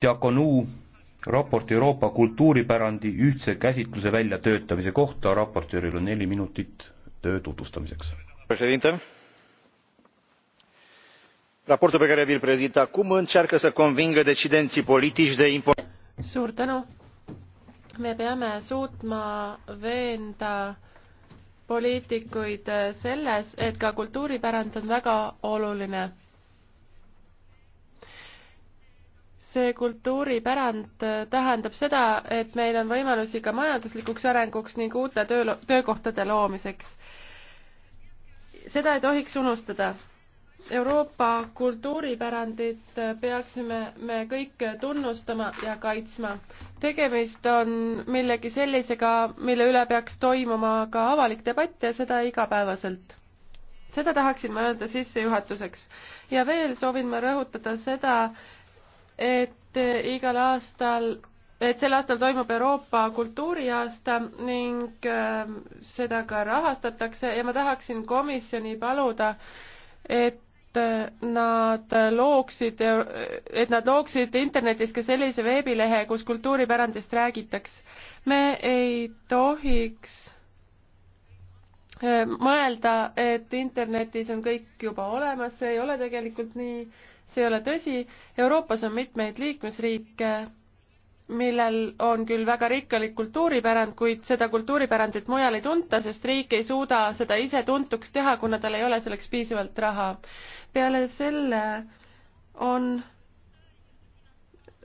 Diakonuu raport Euroopa kultuuripärandi ühtse käsitluse väljatöötamise kohta, raportööril on neli minutit töö tutvustamiseks. raportul pe care vi l prezint acum încearcă să convingă decidenții politici de import-. suur tänu. me peame suutma veenda poliitikuid selles, et ka kultuuripärand on väga oluline see kultuuripärand äh, tähendab seda, et meil on võimalusi ka majanduslikuks arenguks ning uute töö, töökohtade loomiseks. seda ei tohiks unustada. Euroopa kultuuripärandit äh, peaksime me kõik tunnustama ja kaitsma. tegemist on millegi sellisega, mille üle peaks toimuma ka avalik debatt ja seda igapäevaselt seda tahaksin ma öelda sissejuhatuseks. ja veel soovin ma rõhutada seda, et eh, igal aastal et sel aastal toimub Euroopa kultuuriaasta ning eh, seda ka rahastatakse ja ma tahaksin komisjoni paluda, et eh, nad looksid, et nad looksid internetis ka sellise veebilehe, kus kultuuripärandist räägitaks. me ei tohiks Äh, mõelda, et internetis on kõik juba olemas, see ei ole tegelikult nii, see ei ole tõsi. Euroopas on mitmeid liikmesriike, millel on küll väga rikkalik kultuuripärand, kuid seda kultuuripärandit mujal ei tunta, sest riik ei suuda seda ise tuntuks teha, kuna tal ei ole selleks piisavalt raha. peale selle on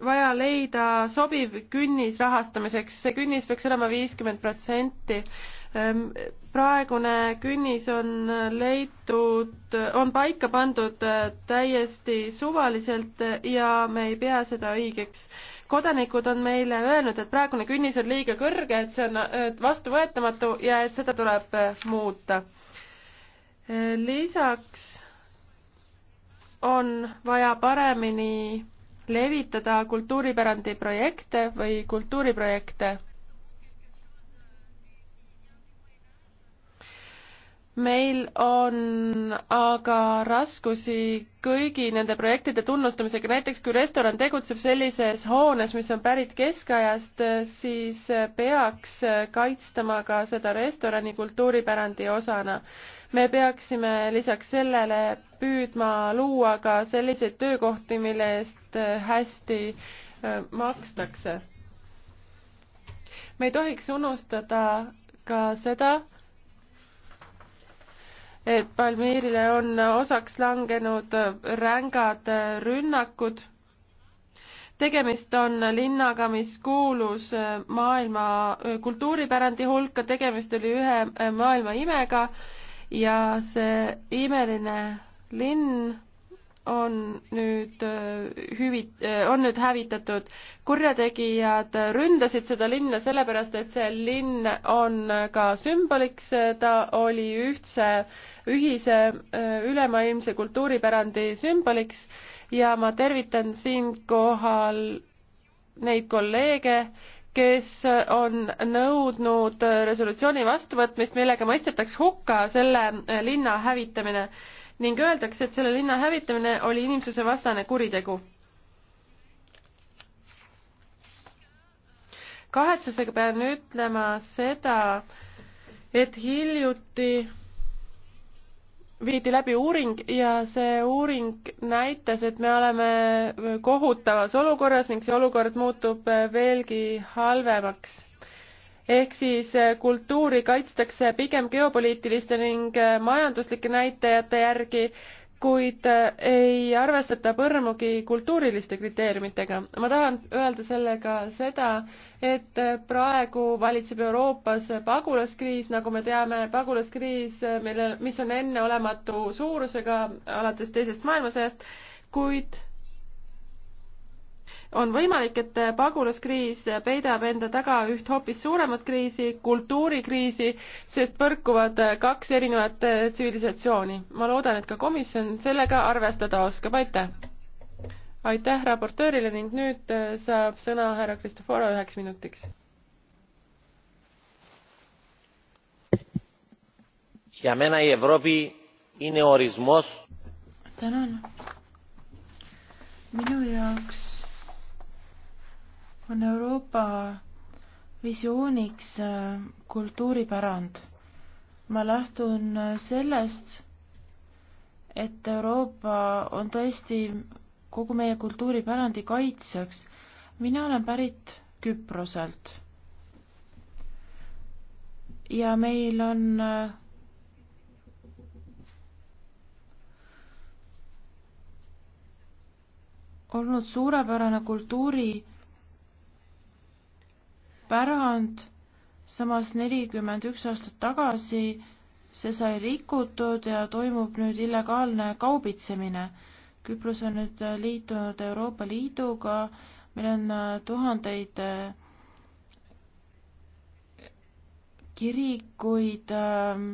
vaja leida sobiv künnis rahastamiseks, see künnis peaks olema viiskümmend protsenti Ehm, praegune künnis on leitud, on paika pandud äh, täiesti suvaliselt äh, ja me ei pea seda õigeks. kodanikud on meile öelnud, et praegune künnis on liiga kõrge, et see on äh, vastuvõetamatu ja et seda tuleb muuta. lisaks on vaja paremini levitada kultuuripärandi projekte või kultuuriprojekte meil on aga raskusi kõigi nende projektide tunnustamisega, näiteks kui restoran tegutseb sellises hoones, mis on pärit keskajast, siis peaks kaitstama ka seda restorani kultuuripärandi osana. me peaksime lisaks sellele püüdma luua ka selliseid töökohti, mille eest hästi äh, makstakse. me ei tohiks unustada ka seda, et Palmiirile on osaks langenud rängad rünnakud. tegemist on linnaga, mis kuulus maailma kultuuripärandi hulka, tegemist oli ühe maailma imega ja see imeline linn on nüüd äh, hüvit-, äh, on nüüd hävitatud. kurjategijad ründasid seda linna sellepärast, et see linn on ka sümboliks, ta oli ühtse, ühise äh, ülemaailmse kultuuripärandi sümboliks ja ma tervitan siinkohal neid kolleege, kes on nõudnud resolutsiooni vastuvõtmist, millega mõistetaks hukka selle linna hävitamine ning öeldakse, et selle linna hävitamine oli inimsuse vastane kuritegu. kahetsusega pean ütlema seda, et hiljuti viidi läbi uuring ja see uuring näitas, et me oleme kohutavas olukorras ning see olukord muutub veelgi halvemaks ehk siis eh, kultuuri kaitstakse pigem geopoliitiliste ning eh, majanduslike näitajate järgi, kuid eh, ei arvestata põrmugi kultuuriliste kriteeriumitega. ma tahan öelda sellega seda, et praegu valitseb Euroopas pagulaskriis, nagu me teame, pagulaskriis, mille, mis on enneolematu suurusega alates teisest maailmasõjast, kuid on võimalik, et pagulaskriis peidab enda taga üht hoopis suuremat kriisi, kultuurikriisi, sest põrkuvad kaks erinevat tsivilisatsiooni. ma loodan, et ka komisjon sellega arvestada oskab, aitäh! aitäh raportöörile ning nüüd saab sõna härra Kristoforo üheks minutiks. ja mena ei Euroopi ineorismos. tänan. minu jaoks on Euroopa visiooniks äh, kultuuripärand. ma lähtun äh, sellest, et Euroopa on tõesti kogu meie kultuuripärandi kaitsjaks. mina olen pärit Küproselt. ja meil on äh, olnud suurepärane kultuuri pärand, samas nelikümmend üks aastat tagasi see sai rikutud ja toimub nüüd illegaalne kaubitsemine. Küpros on nüüd liitunud Euroopa Liiduga, meil on äh, tuhandeid äh, kirikuid, ähm,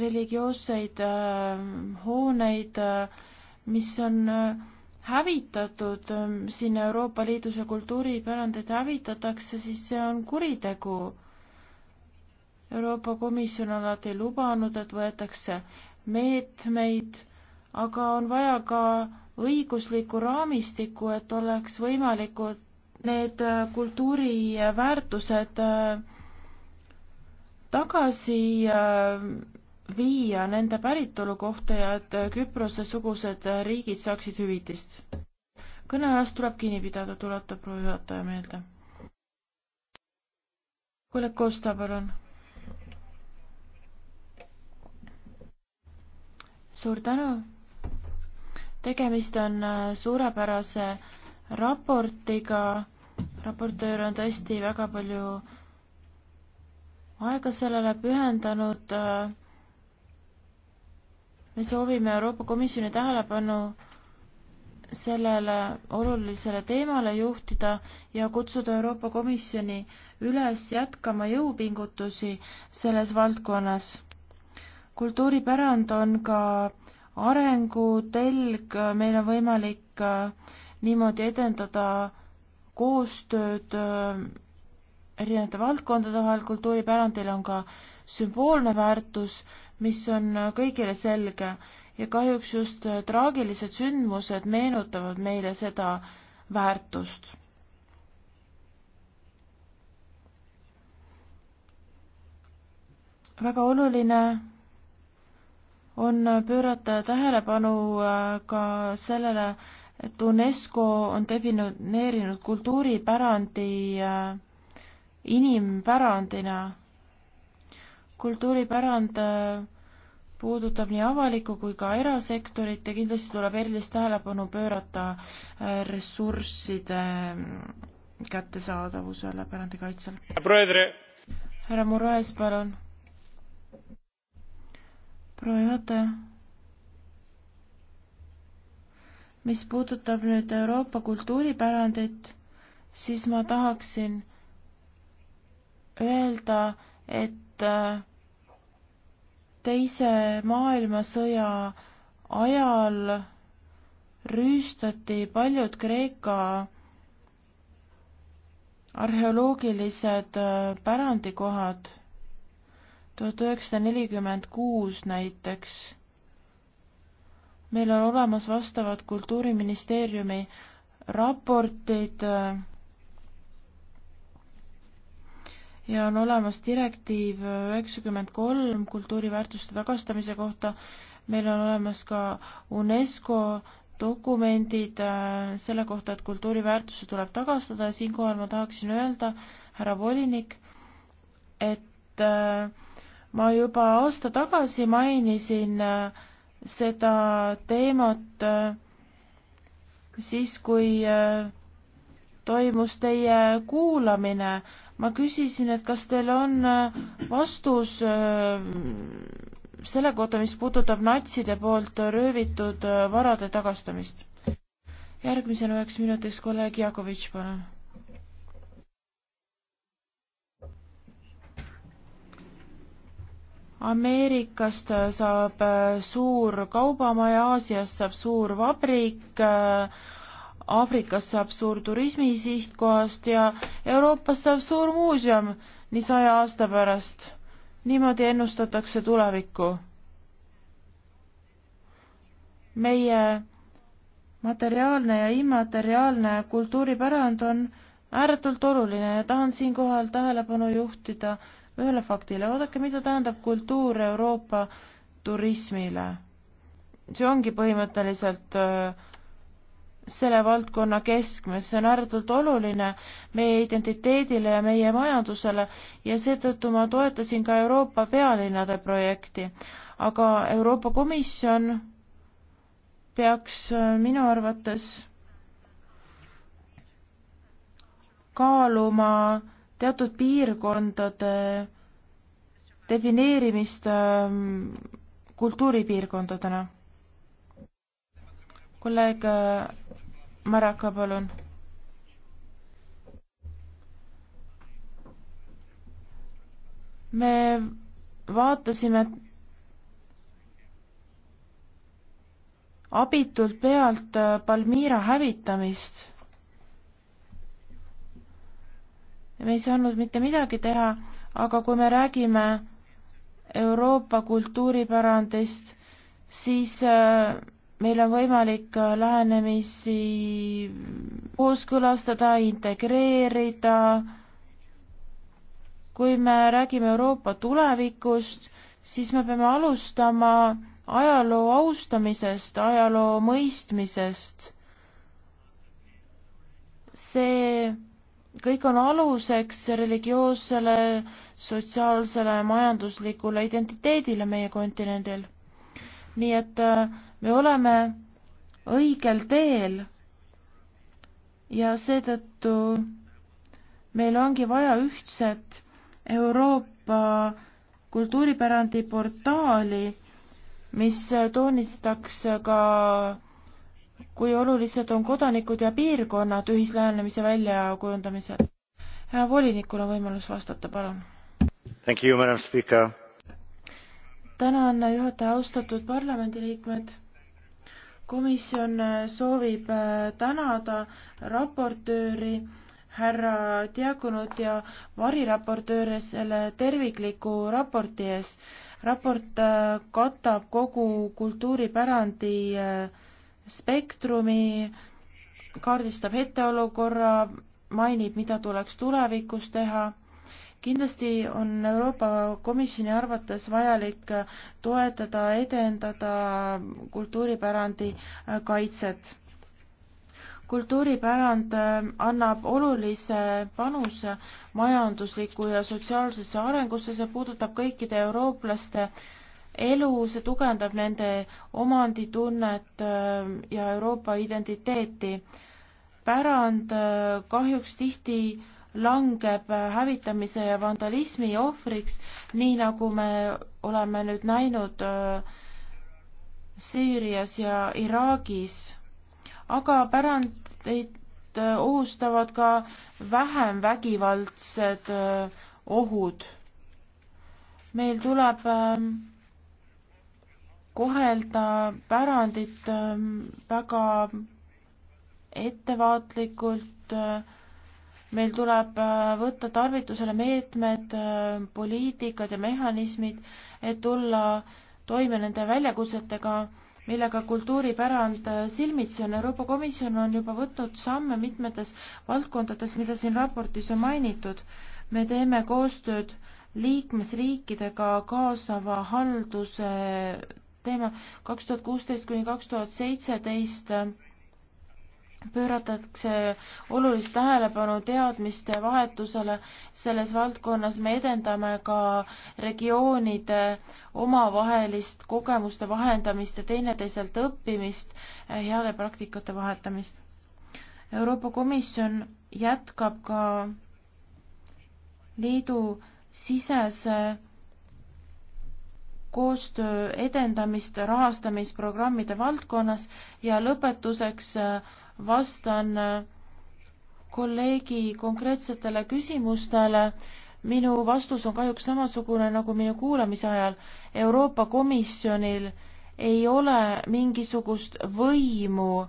religioosseid ähm, hooneid, äh, mis on äh, hävitatud ähm, siin Euroopa Liidus ja kultuuripärandeid hävitatakse, siis see on kuritegu. Euroopa Komisjon alati lubanud, et võetakse meetmeid, aga on vaja ka õiguslikku raamistikku, et oleks võimalikud need äh, kultuuriväärtused äh, tagasi äh, viia nende päritolu kohta ja et Küprose sugused riigid saaksid hüvitist. kõneajast tuleb kinni pidada, tuletab proua juhataja meelde. kuule, Kosta, palun. suur tänu. tegemist on äh, suurepärase raportiga. raportöör on tõesti väga palju aega sellele pühendanud äh, me soovime Euroopa Komisjoni tähelepanu sellele olulisele teemale juhtida ja kutsuda Euroopa Komisjoni üles jätkama jõupingutusi selles valdkonnas. kultuuripärand on ka arengutelg, meil on võimalik äh, niimoodi edendada koostööd äh, erinevate valdkondade vahel, kultuuripärandil on ka sümboolne väärtus mis on kõigile selge ja kahjuks just traagilised sündmused meenutavad meile seda väärtust. väga oluline on pöörata tähelepanu äh, ka sellele, et UNESCO on defineerinud kultuuripärandi äh, inimpärandina kultuuripärand äh, puudutab nii avalikku kui ka erasektorit ja kindlasti tuleb erilist tähelepanu pöörata äh, ressursside mm, kättesaadavusele pärandi kaitsel. härra Muraes, palun. proua juhataja. mis puudutab nüüd Euroopa kultuuripärandit, siis ma tahaksin öelda, et äh, teise maailmasõja ajal rüüstati paljud Kreeka arheoloogilised äh, pärandikohad, tuhat üheksasada nelikümmend kuus näiteks. meil on olemas vastavad Kultuuriministeeriumi raportid äh, ja on olemas direktiiv üheksakümmend kolm kultuuriväärtuste tagastamise kohta. meil on olemas ka UNESCO dokumendid äh, selle kohta, et kultuuriväärtusi tuleb tagastada ja siinkohal ma tahaksin öelda, härra volinik, et äh, ma juba aasta tagasi mainisin äh, seda teemat siis, kui toimus teie kuulamine ma küsisin, et kas teil on äh, vastus äh, selle kohta, mis puudutab natside poolt röövitud äh, varade tagastamist. järgmisena üheks minutiks kolleeg Jakovitš, palun. Ameerikast saab suur kaubamaja, Aasiast saab suur vabrik äh,, Aafrikast saab suur turismisihtkohast ja Euroopast saab suur muuseum nii saja aasta pärast. niimoodi ennustatakse tulevikku. meie materiaalne ja immateriaalne kultuuripärand on ääretult oluline ja tahan siinkohal tähelepanu juhtida ühele faktile. vaadake, mida tähendab kultuur Euroopa turismile. see ongi põhimõtteliselt äh, selle valdkonna keskmes, see on ääretult oluline meie identiteedile ja meie majandusele ja seetõttu ma toetasin ka Euroopa pealinnade projekti. aga Euroopa Komisjon peaks äh, minu arvates kaaluma teatud piirkondade defineerimist ähm, kultuuripiirkondadena. kolleeg äh, Maraka, palun. me vaatasime abitult pealt äh, Palmiira hävitamist. me ei saanud mitte midagi teha, aga kui me räägime Euroopa kultuuripärandist, siis äh, meil on võimalik äh, lähenemisi kooskõlastada, integreerida. kui me räägime Euroopa tulevikust, siis me peame alustama ajaloo austamisest, ajaloo mõistmisest. see kõik on aluseks religioossele, sotsiaalsele, majanduslikule identiteedile meie kontinendil nii et äh, me oleme õigel teel ja seetõttu meil ongi vaja ühtset Euroopa kultuuripärandi portaali, mis toonitaks ka kui olulised on kodanikud ja piirkonnad ühislähenemise väljakujundamisel. volinikul on võimalus vastata, palun. Thank you, madam speaker tänan, juhataja, austatud parlamendiliikmed. komisjon soovib äh, tänada raportööri härra Diakonut ja variraportööre selle tervikliku raporti ees. raport äh, katab kogu kultuuripärandi äh, spektrumi, kaardistab hetteolukorra, mainib, mida tuleks tulevikus teha kindlasti on Euroopa Komisjoni arvates vajalik toetada, edendada kultuuripärandi äh, kaitset kultuuripärand äh, annab olulise panuse majandusliku ja sotsiaalsesse arengusse, see puudutab kõikide eurooplaste elu, see tugevdab nende omanditunnet äh, ja Euroopa identiteeti. pärand kahjuks tihti langeb hävitamise ja vandalismi ohvriks, nii nagu me oleme nüüd näinud äh, Süürias ja Iraagis. aga pärandit äh, ohustavad ka vähem vägivaldsed äh, ohud. meil tuleb ähm, kohelda pärandit ähm, väga ettevaatlikult äh, meil tuleb äh, võtta tarvitusele meetmed, äh, poliitikad ja mehhanismid, et tulla toime nende väljakutsetega, millega kultuuripärand äh, silmitsi on. Euroopa Komisjon on juba võtnud samme mitmetes valdkondades, mida siin raportis on mainitud. me teeme koostööd liikmesriikidega kaasava halduse teema kaks tuhat kuusteist kuni kaks tuhat seitseteist pööratakse olulist tähelepanu teadmiste vahetusele. selles valdkonnas me edendame ka regioonide omavahelist kogemuste vahendamist ja teineteiselt õppimist, heade praktikate vahetamist. Euroopa Komisjon jätkab ka liidu sisese koostöö edendamist rahastamisprogrammide valdkonnas ja lõpetuseks vastan äh, kolleegi konkreetsetele küsimustele. minu vastus on kahjuks samasugune nagu minu kuulamise ajal. Euroopa Komisjonil ei ole mingisugust võimu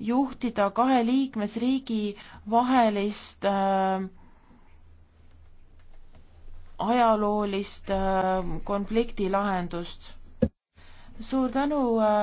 juhtida kahe liikmesriigi vahelist äh, ajaloolist äh, konflikti lahendust. suur tänu äh,